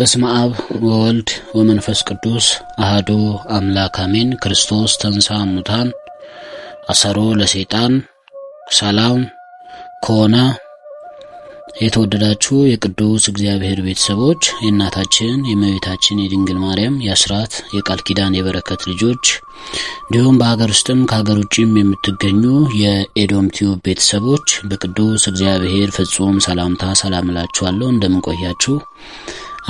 በስመ አብ ወወልድ ወመንፈስ ቅዱስ አህዶ አምላክ አሜን። ክርስቶስ ተንሳ ሙታን አሰሮ ለሰይጣን ሰላም ከሆነ የተወደዳችሁ የቅዱስ እግዚአብሔር ቤተሰቦች የእናታችን የእመቤታችን የድንግል ማርያም የአስራት የቃል ኪዳን የበረከት ልጆች እንዲሁም በሀገር ውስጥም ከሀገር ውጭም የምትገኙ የኤዶም ቲዩብ ቤተሰቦች በቅዱስ እግዚአብሔር ፍጹም ሰላምታ ሰላም እላችኋለሁ። እንደምንቆያችሁ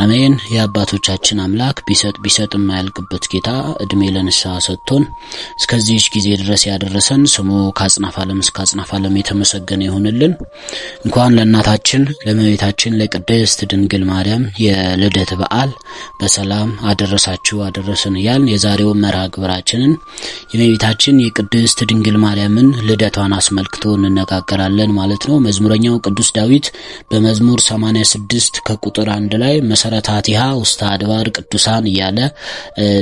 አሜን። የአባቶቻችን አምላክ ቢሰጥ ቢሰጥ የማያልቅበት ጌታ እድሜ ለንስሐ ሰጥቶን እስከዚህች ጊዜ ድረስ ያደረሰን ስሙ ከአጽናፍ ዓለም እስከ አጽናፍ ዓለም የተመሰገነ ይሁንልን። እንኳን ለእናታችን ለመቤታችን ለቅድስት ድንግል ማርያም የልደት በዓል በሰላም አደረሳችሁ አደረሰን እያልን የዛሬው መርሃ ግብራችንን የመቤታችን የቅድስት ድንግል ማርያምን ልደቷን አስመልክቶ እንነጋገራለን ማለት ነው። መዝሙረኛው ቅዱስ ዳዊት በመዝሙር 86 ከቁጥር አንድ ላይ መሰረታቲሃ ውስተ አድባር ቅዱሳን እያለ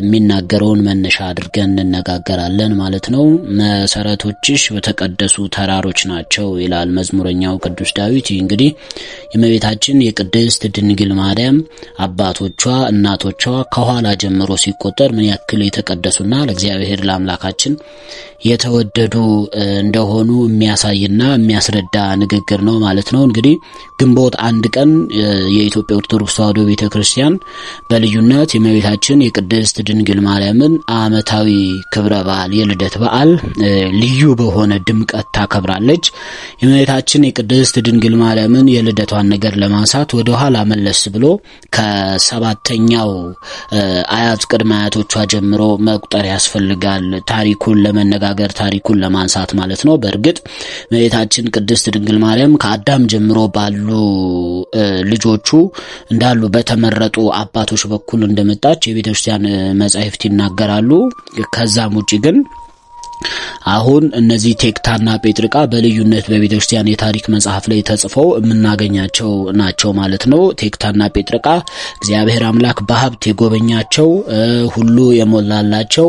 የሚናገረውን መነሻ አድርገን እንነጋገራለን ማለት ነው። መሰረቶችሽ በተቀደሱ ተራሮች ናቸው ይላል መዝሙረኛው ቅዱስ ዳዊት። ይህ እንግዲህ የመቤታችን የቅድስት ድንግል ማርያም አባቶቿ፣ እናቶቿ ከኋላ ጀምሮ ሲቆጠር ምን ያክል የተቀደሱና ለእግዚአብሔር ለአምላካችን የተወደዱ እንደሆኑ የሚያሳይና የሚያስረዳ ንግግር ነው ማለት ነው። እንግዲህ ግንቦት አንድ ቀን የኢትዮጵያ ኦርቶዶክስ ተዋህዶ ቤተ ክርስቲያን በልዩነት የእመቤታችን የቅድስት ድንግል ማርያምን ዓመታዊ ክብረ በዓል የልደት በዓል ልዩ በሆነ ድምቀት ታከብራለች። የመቤታችን የቅድስት ድንግል ማርያምን የልደቷን ነገር ለማንሳት ወደ ኋላ መለስ ብሎ ከሰባተኛው አያት ቅድመ አያቶቿ ጀምሮ መቁጠር ያስፈልጋል። ታሪኩን ለመነጋገር ታሪኩን ለማንሳት ማለት ነው። በእርግጥ መቤታችን ቅድስት ድንግል ማርያም ከአዳም ጀምሮ ባሉ ልጆቹ እንዳሉበት በተመረጡ አባቶች በኩል እንደመጣች የቤተክርስቲያን መጻሕፍት ይናገራሉ። ከዛም ውጭ ግን አሁን እነዚህ ቴክታና ጴጥርቃ በልዩነት በቤተ ክርስቲያን የታሪክ መጽሐፍ ላይ ተጽፈው የምናገኛቸው ናቸው ማለት ነው። ቴክታና ጴጥርቃ እግዚአብሔር አምላክ በሀብት የጎበኛቸው ሁሉ የሞላላቸው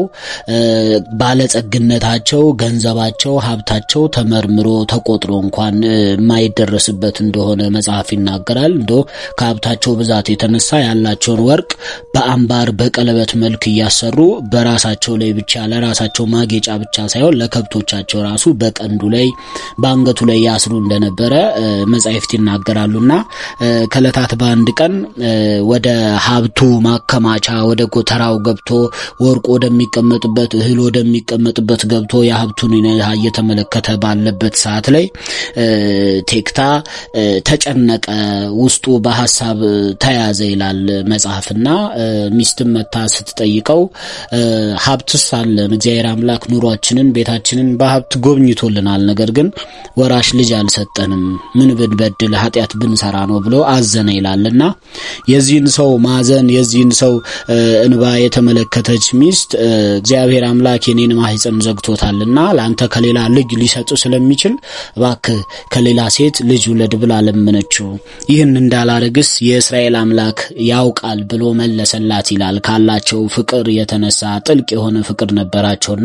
ባለጸግነታቸው፣ ገንዘባቸው፣ ሀብታቸው ተመርምሮ ተቆጥሮ እንኳን የማይደረስበት እንደሆነ መጽሐፍ ይናገራል። እንዶ ከሀብታቸው ብዛት የተነሳ ያላቸውን ወርቅ በአምባር በቀለበት መልክ እያሰሩ በራሳቸው ላይ ብቻ ለራሳቸው ማጌጫ ብቻ ሳይሆን ለከብቶቻቸው ራሱ በቀንዱ ላይ በአንገቱ ላይ ያስሩ እንደነበረ መጻሕፍት ይናገራሉና ከዕለታት በአንድ ቀን ወደ ሀብቱ ማከማቻ ወደ ጎተራው ገብቶ ወርቅ ወደሚቀመጥበት እህል ወደሚቀመጥበት ገብቶ የሀብቱን እየተመለከተ ባለበት ሰዓት ላይ ቴክታ ተጨነቀ፣ ውስጡ በሀሳብ ተያዘ ይላል መጽሐፍና ሚስትም መታ ስትጠይቀው ሀብትስ አለን እግዚአብሔር አምላክ ኑሯቸው ሀገራችንን ቤታችንን በሀብት ጎብኝቶልናል። ነገር ግን ወራሽ ልጅ አልሰጠንም፣ ምን ብንበድል ኃጢአት ብንሰራ ነው ብሎ አዘነ ይላልና የዚህን ሰው ማዘን የዚህን ሰው እንባ የተመለከተች ሚስት እግዚአብሔር አምላክ የኔን ማህፀን ዘግቶታልና ለአንተ ከሌላ ልጅ ሊሰጡ ስለሚችል እባክህ ከሌላ ሴት ልጅ ውለድ ብላ ለመነችው። ይህን እንዳላረግስ የእስራኤል አምላክ ያውቃል ብሎ መለሰላት ይላል። ካላቸው ፍቅር የተነሳ ጥልቅ የሆነ ፍቅር ነበራቸውና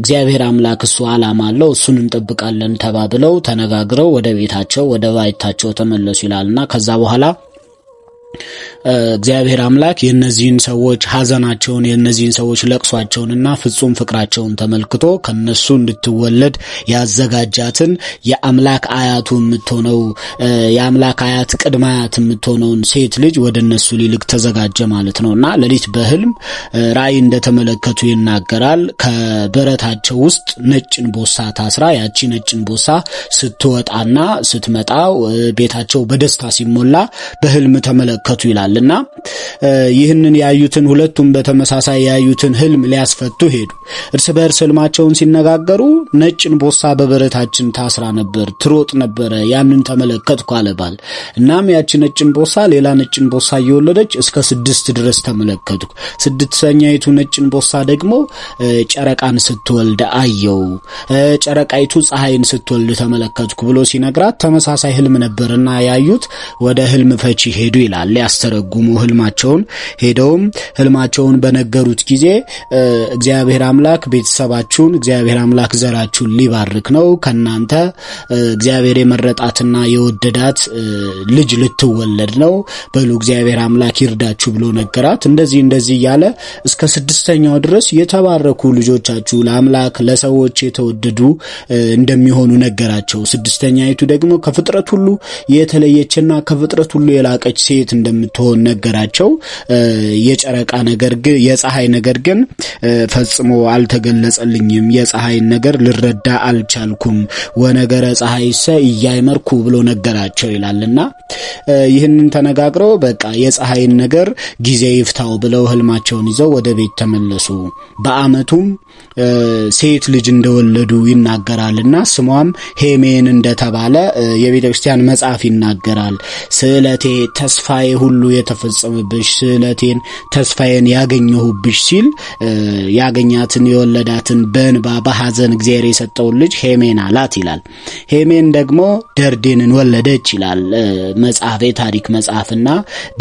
እግዚአብሔር አምላክ እሱ አላማ አለው እሱን እንጠብቃለን ተባብለው ተነጋግረው ወደ ቤታቸው ወደ ባይታቸው ተመለሱ ይላልና ከዛ በኋላ እግዚአብሔር አምላክ የእነዚህን ሰዎች ሐዘናቸውን የእነዚህን ሰዎች ለቅሷቸውንና ፍጹም ፍቅራቸውን ተመልክቶ ከነሱ እንድትወለድ ያዘጋጃትን የአምላክ አያቱ የምትሆነው የአምላክ አያት ቅድመ አያት የምትሆነውን ሴት ልጅ ወደ እነሱ ሊልክ ተዘጋጀ ማለት ነው እና ሌሊት በህልም ራእይ እንደተመለከቱ ይናገራል። ከበረታቸው ውስጥ ነጭን ቦሳ ታስራ ያቺ ነጭን ቦሳ ስትወጣና ስትመጣ ቤታቸው በደስታ ሲሞላ በህልም ተመለከ ተመለከቱ ይላል እና ይህንን ያዩትን ሁለቱም በተመሳሳይ ያዩትን ህልም ሊያስፈቱ ሄዱ። እርስ በእርስ ህልማቸውን ሲነጋገሩ ነጭ እንቦሳ በበረታችን ታስራ ነበር፣ ትሮጥ ነበረ፣ ያንን ተመለከትኩ አለ እናም ያቺ ነጭ እንቦሳ ሌላ ነጭ እንቦሳ እየወለደች እስከ ስድስት ድረስ ተመለከትኩ። ስድስተኛይቱ ነጭ እንቦሳ ደግሞ ጨረቃን ስትወልድ አየው፣ ጨረቃይቱ ፀሐይን ስትወልድ ተመለከትኩ ብሎ ሲነግራት ተመሳሳይ ህልም ነበርና ያዩት ወደ ህልም ፈቺ ሄዱ ይላል። ሊያስተረጉሙ ህልማቸውን ሄደውም ህልማቸውን በነገሩት ጊዜ እግዚአብሔር አምላክ ቤተሰባችሁን እግዚአብሔር አምላክ ዘራችሁን ሊባርክ ነው ከናንተ እግዚአብሔር የመረጣትና የወደዳት ልጅ ልትወለድ ነው በሉ እግዚአብሔር አምላክ ይርዳችሁ ብሎ ነገራት። እንደዚህ እንደዚህ እያለ እስከ ስድስተኛው ድረስ የተባረኩ ልጆቻችሁ ለአምላክ ለሰዎች የተወደዱ እንደሚሆኑ ነገራቸው። ስድስተኛይቱ ደግሞ ከፍጥረት ሁሉ የተለየችና ከፍጥረት ሁሉ የላቀች ሴት እንደምትሆን ነገራቸው። የጨረቃ ነገር ግን የፀሐይ ነገር ግን ፈጽሞ አልተገለጸልኝም። የፀሐይን ነገር ልረዳ አልቻልኩም። ወነገረ ሰ እያይመርኩ ብሎ ነገራቸው ይላልና ይህንን ተነጋግረው በቃ የፀሐይን ነገር ጊዜ ይፍታው ብለው ህልማቸውን ይዘው ወደ ቤት ተመለሱ። በአመቱም ሴት ልጅ እንደወለዱ ይናገራልና ስሟም ሄሜን እንደተባለ የቤተ ክርስቲያን መጽሐፍ ይናገራል። ስዕለቴ ተስፋዬ ሁሉ የተፈጸመብሽ ስዕለቴን ተስፋዬን ያገኘሁብሽ ሲል ያገኛትን የወለዳትን በእንባ በሐዘን እግዚአብሔር የሰጠውን ልጅ ሄሜን አላት ይላል። ሄሜን ደግሞ ደርዴንን ወለደች ይላል መጽሐፍ የታሪክ መጽሐፍና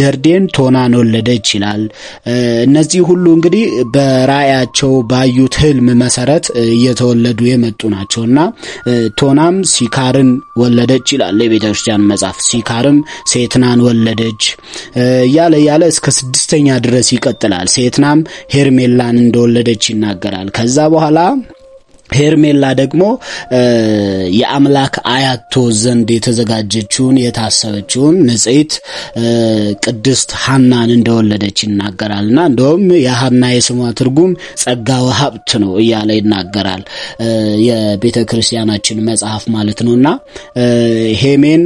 ደርዴን ቶናን ወለደች ይላል። እነዚህ ሁሉ እንግዲህ በራእያቸው ባዩት ህልም መሰረት እየተወለዱ የመጡ ናቸውና ቶናም ሲካርን ወለደች ይላል ክርስቲያን መጽሐፍ ሲካርም ሴትናን ወለደች ያለ ያለ እስከ ስድስተኛ ድረስ ይቀጥላል። ሴትናም ሄርሜላን እንደወለደች ይናገራል። ከዛ በኋላ ሄርሜላ ደግሞ የአምላክ አያቶ ዘንድ የተዘጋጀችውን የታሰበችውን ንጽሕት ቅድስት ሀናን እንደወለደች ይናገራልና እንደውም የሀና የስሟ ትርጉም ጸጋው ሀብት ነው እያለ ይናገራል የቤተ ክርስቲያናችን መጽሐፍ ማለት ነውና ሄሜን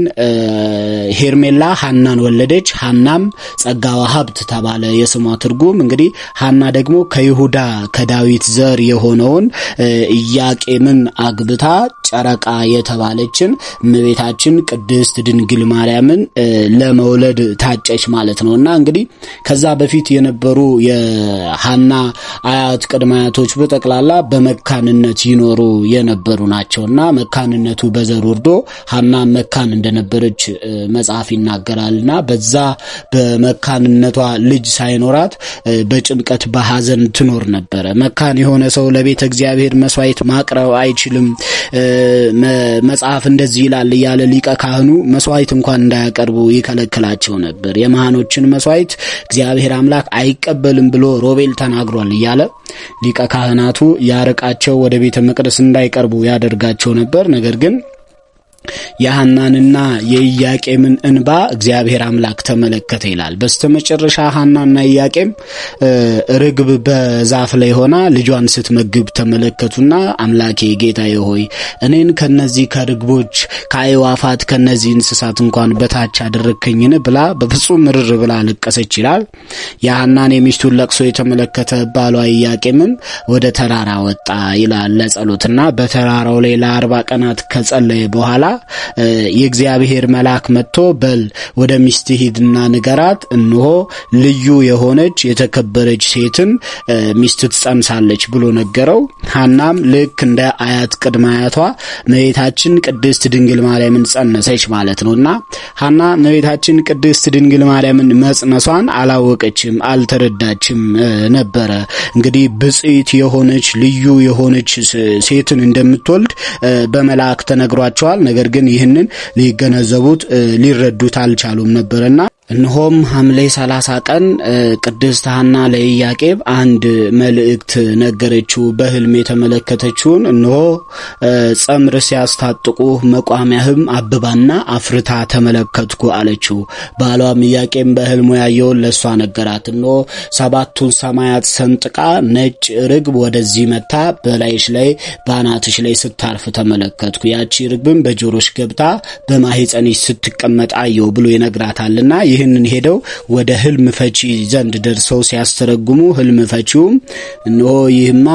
ሄርሜላ ሀናን ወለደች። ሀናም ጸጋው ሀብት ተባለ የስሟ ትርጉም። እንግዲህ ሀና ደግሞ ከይሁዳ ከዳዊት ዘር የሆነውን ኢያቄምን አግብታ ጨረቃ የተባለችን እመቤታችን ቅድስት ድንግል ማርያምን ለመውለድ ታጨች ማለት ነው እና እንግዲህ ከዛ በፊት የነበሩ የሀና አያት ቅድመ አያቶች በጠቅላላ በመካንነት ይኖሩ የነበሩ ናቸው እና መካንነቱ በዘር ወርዶ ሀና መካን እንደነበረች መጽሐፍ ይናገራል እና በዛ በመካንነቷ ልጅ ሳይኖራት በጭንቀት በሐዘን ትኖር ነበረ። መካን የሆነ ሰው ለቤተ እግዚአብሔር መስዋዕት ማቅረብ አይችልም፣ መጽሐፍ እንደዚህ ይላል እያለ ሊቀ ካህኑ መስዋዕት እንኳን እንዳያቀርቡ ይከለክላቸው ነበር። የመሃኖችን መስዋዕት እግዚአብሔር አምላክ አይቀበልም ብሎ ሮቤል ተናግሯል እያለ ሊቀ ካህናቱ ያርቃቸው፣ ወደ ቤተ መቅደስ እንዳይቀርቡ ያደርጋቸው ነበር። ነገር ግን የሐናንና የኢያቄምን እንባ እግዚአብሔር አምላክ ተመለከተ ይላል። በስተመጨረሻ ሐናና ኢያቄም ርግብ በዛፍ ላይ ሆና ልጇን ስትመግብ ተመለከቱና አምላኬ ጌታዬ ሆይ እኔን ከነዚህ ከርግቦች ከአይዋፋት ከነዚህ እንስሳት እንኳን በታች አደረግከኝን ብላ በፍጹም ምርር ብላ አለቀሰች ይላል። የሐናን የሚስቱን ለቅሶ የተመለከተ ባሏ ኢያቄምም ወደ ተራራ ወጣ ይላል ለጸሎትና በተራራው ላይ ለአርባ ቀናት ከጸለየ በኋላ የእግዚአብሔር መልአክ መጥቶ በል ወደ ሚስት ሂድና ንገራት፣ እንሆ ልዩ የሆነች የተከበረች ሴትን ሚስት ትጸንሳለች ብሎ ነገረው። ሀናም ልክ እንደ አያት ቅድመ አያቷ እመቤታችን ቅድስት ድንግል ማርያምን ጸነሰች ማለት ነው እና ሀና እመቤታችን ቅድስት ድንግል ማርያምን መጽነሷን አላወቀችም፣ አልተረዳችም ነበረ። እንግዲህ ብጽት የሆነች ልዩ የሆነች ሴትን እንደምትወልድ በመልአክ ተነግሯቸዋል። ነገር ነገር ግን ይህንን ሊገነዘቡት ሊረዱት አልቻሉም ነበረና። እነሆም ሐምሌ 30 ቀን ቅድስት ሐና ለኢያቄም አንድ መልእክት ነገረችው። በህልም የተመለከተችውን እነሆ ጸምር ሲያስታጥቁ መቋሚያህም አብባና አፍርታ ተመለከትኩ አለችው። ባሏም ኢያቄም በህልሙ ያየውን ለእሷ ነገራት። እነሆ ሰባቱን ሰማያት ሰንጥቃ ነጭ ርግብ ወደዚህ መታ በላይሽ ላይ በአናትሽ ላይ ስታርፍ ተመለከትኩ። ያቺ ርግብም በጆሮሽ ገብታ በማህፀንሽ ስትቀመጥ አየው ብሎ ይነግራታልና ይህንን ሄደው ወደ ህልም ፈቺ ዘንድ ደርሰው ሲያስተረጉሙ ህልም ፈቺውም እንሆ ይህማ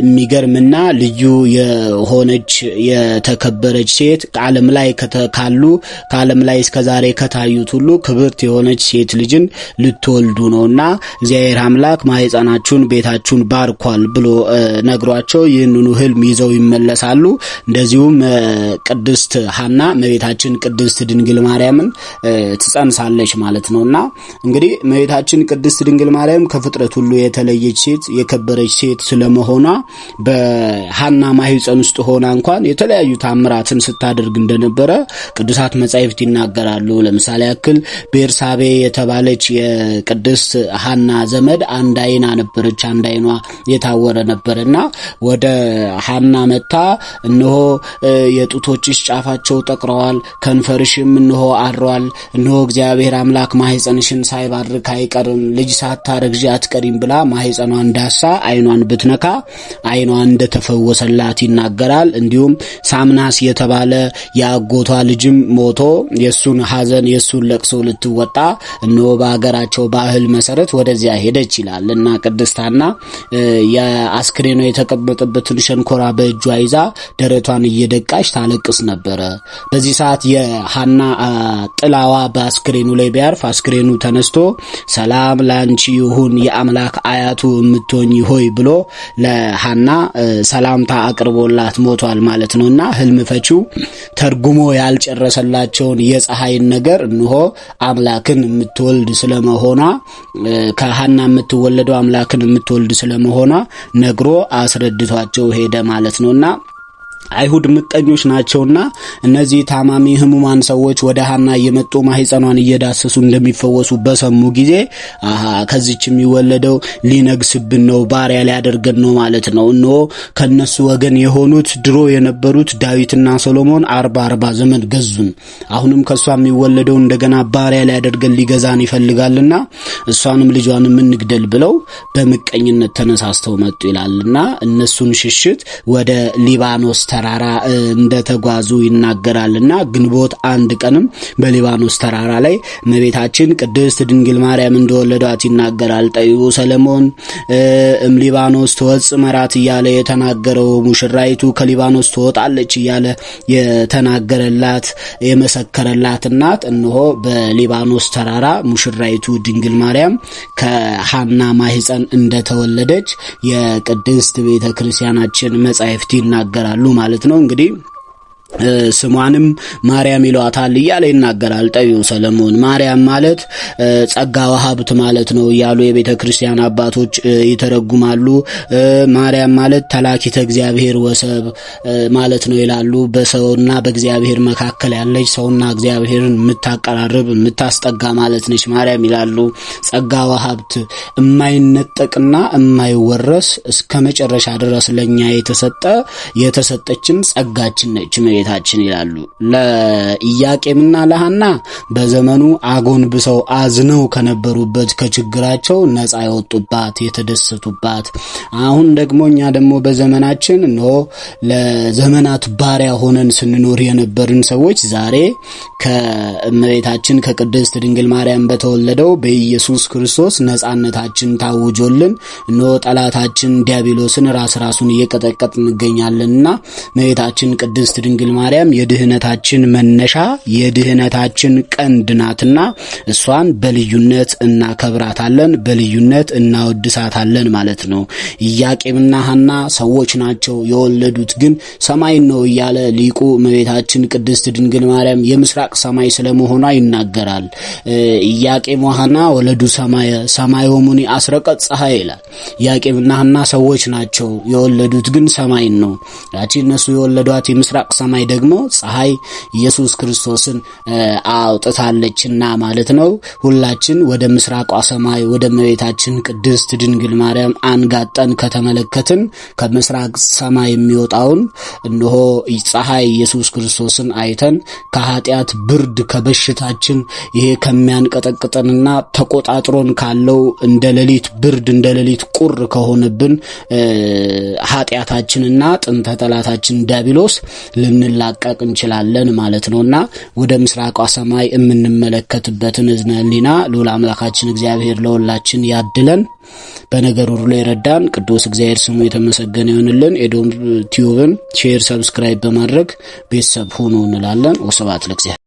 የሚገርምና ልዩ የሆነች የተከበረች ሴት ከዓለም ላይ ካሉ ከዓለም ላይ እስከዛሬ ከታዩት ሁሉ ክብርት የሆነች ሴት ልጅን ልትወልዱ ነውና እግዚአብሔር አምላክ ማህፀናችሁን ቤታችሁን ባርኳል ብሎ ነግሯቸው ይህንኑ ህልም ይዘው ይመለሳሉ። እንደዚሁም ቅድስት ሀና መቤታችን ቅድስት ድንግል ማርያምን ትጸን ጸንሳለች ማለት ነውና እንግዲህ እመቤታችን ቅድስት ድንግል ማርያም ከፍጥረት ሁሉ የተለየች ሴት የከበረች ሴት ስለመሆኗ በሀና ማህፀን ውስጥ ሆና እንኳን የተለያዩ ታምራትን ስታደርግ እንደነበረ ቅዱሳት መጻሕፍት ይናገራሉ። ለምሳሌ ያክል ቤርሳቤ የተባለች የቅድስት ሀና ዘመድ አንድ አይና ነበረች። አንድ አይኗ የታወረ እና ወደ ሀና መታ እነሆ የጡቶችሽ ጫፋቸው ጠቅረዋል፣ ከንፈርሽም እንሆ አድሯል፣ እነሆ እግዚአብሔር አምላክ ማህፀንሽን ሳይባርክ አይቀርም ልጅ ሳታረግዢ አትቀሪም ብላ ማህፀኗ እንዳሳ አይኗን ብትነካ አይኗ እንደተፈወሰላት ይናገራል። እንዲሁም ሳምናስ የተባለ የአጎቷ ልጅም ሞቶ የእሱን ሀዘን የእሱን ለቅሶ ልትወጣ እነሆ በሀገራቸው ባህል መሰረት ወደዚያ ሄደች ይላል እና ቅድስታና የአስክሬኗ የተቀመጠበትን ሸንኮራ በእጇ ይዛ ደረቷን እየደቃች ታለቅስ ነበረ። በዚህ ሰዓት የሀና ጥላዋ በአስክ አስክሬኑ ላይ ቢያርፍ አስክሬኑ ተነስቶ ሰላም ላንቺ ይሁን የአምላክ አያቱ የምትሆኝ ሆይ ብሎ ለሀና ሰላምታ አቅርቦላት ሞቷል ማለት ነው እና ህልም ፈቺው ተርጉሞ ያልጨረሰላቸውን የፀሐይን ነገር እንሆ አምላክን የምትወልድ ስለመሆኗ ከሀና የምትወለደው አምላክን የምትወልድ ስለመሆኗ ነግሮ አስረድቷቸው ሄደ ማለት ነው እና አይሁድ ምቀኞች ናቸውና እነዚህ ታማሚ ህሙማን ሰዎች ወደ ሀና እየመጡ ማህፀኗን እየዳሰሱ እንደሚፈወሱ በሰሙ ጊዜ አሃ ከዚች የሚወለደው ሊነግስብን ነው፣ ባሪያ ሊያደርገን ነው ማለት ነው። እነሆ ከነሱ ወገን የሆኑት ድሮ የነበሩት ዳዊትና ሰሎሞን አርባ አርባ ዘመን ገዙን። አሁንም ከእሷ የሚወለደው እንደገና ባሪያ ሊያደርገን ሊገዛን ይፈልጋልና እሷንም ልጇንም እንግደል ብለው በምቀኝነት ተነሳስተው መጡ ይላልና እነሱን ሽሽት ወደ ሊባኖስ ተራራ እንደተጓዙ ይናገራልና ግንቦት አንድ ቀንም በሊባኖስ ተራራ ላይ እመቤታችን ቅድስት ድንግል ማርያም እንደወለዷት ይናገራል። ጠቢቡ ሰለሞን ሊባኖስ ትወጽእ መራት እያለ የተናገረው ሙሽራይቱ ከሊባኖስ ትወጣለች እያለ የተናገረላት የመሰከረላት እናት እንሆ በሊባኖስ ተራራ ሙሽራይቱ ድንግል ማርያም ከሀና ማህፀን እንደተወለደች የቅድስት ቤተ ክርስቲያናችን መጻሕፍት ይናገራሉ ማለት ማለት ነው እንግዲህ ስሟንም ማርያም ይሏታል እያለ ይናገራል ጠቢው ሰለሞን። ማርያም ማለት ጸጋ ሀብት ማለት ነው እያሉ የቤተ ክርስቲያን አባቶች ይተረጉማሉ። ማርያም ማለት ተላኪተ እግዚአብሔር ወሰብ ማለት ነው ይላሉ። በሰውና በእግዚአብሔር መካከል ያለች ሰውና እግዚአብሔርን የምታቀራርብ የምታስጠጋ ማለት ነች ማርያም ይላሉ። ጸጋ ሀብት እማይነጠቅና እማይወረስ እስከ መጨረሻ ድረስ ለእኛ የተሰጠ የተሰጠችን ጸጋችን ነች እመቤታችን ይላሉ። ለኢያቄምና ለሐና በዘመኑ አጎንብሰው አዝነው ከነበሩበት ከችግራቸው ነጻ የወጡባት የተደሰቱባት፣ አሁን ደግሞ እኛ ደግሞ በዘመናችን ኖ ለዘመናት ባሪያ ሆነን ስንኖር የነበርን ሰዎች ዛሬ ከእመቤታችን ከቅድስት ድንግል ማርያም በተወለደው በኢየሱስ ክርስቶስ ነፃነታችን ታውጆልን ኖ ጠላታችን ዲያብሎስን ራስ ራሱን እየቀጠቀጥ እንገኛለንና እመቤታችን ቅድስት ድንግል ድንግል ማርያም የድህነታችን መነሻ የድህነታችን ቀንድ ናትና እሷን በልዩነት እናከብራታለን፣ በልዩነት እናወድሳታለን ማለት ነው። ኢያቄምና ሐና ሰዎች ናቸው የወለዱት ግን ሰማይን ነው እያለ ሊቁ እመቤታችን ቅድስት ድንግል ማርያም የምስራቅ ሰማይ ስለመሆኗ ይናገራል። ኢያቄም ወሐና ወለዱ ሰማየ ወሙኒ አስረቀት ፀሐይ ይላል። ኢያቄምና ሐና ሰዎች ናቸው የወለዱት ግን ሰማይን ነው ያቺ እነሱ የወለዷት የምስራቅ ሰማይ ሰማይ ደግሞ ፀሐይ ኢየሱስ ክርስቶስን አውጥታለችና ማለት ነው። ሁላችን ወደ ምስራቋ ሰማይ ወደ እመቤታችን ቅድስት ድንግል ማርያም አንጋጠን ከተመለከትን ከምስራቅ ሰማይ የሚወጣውን እንሆ ፀሐይ ኢየሱስ ክርስቶስን አይተን ከኃጢአት ብርድ ከበሽታችን ይሄ ከሚያንቀጠቅጠንና ተቆጣጥሮን ካለው እንደ ሌሊት ብርድ እንደ ሌሊት ቁር ከሆነብን ኃጢአታችንና ጥንተ ጠላታችን ዲያብሎስ ልን ልንላቀቅ እንችላለን ማለት ነው እና ወደ ምስራቋ ሰማይ የምንመለከትበትን እዝነ ህሊና ልዑል አምላካችን እግዚአብሔር ለሁላችን ያድለን። በነገር ሁሉ የረዳን ቅዱስ እግዚአብሔር ስሙ የተመሰገነ ይሆንልን። ኤዶም ቲዩብን ሼር፣ ሰብስክራይብ በማድረግ ቤተሰብ ሁኑ እንላለን። ወስብሐት ለእግዚአብሔር።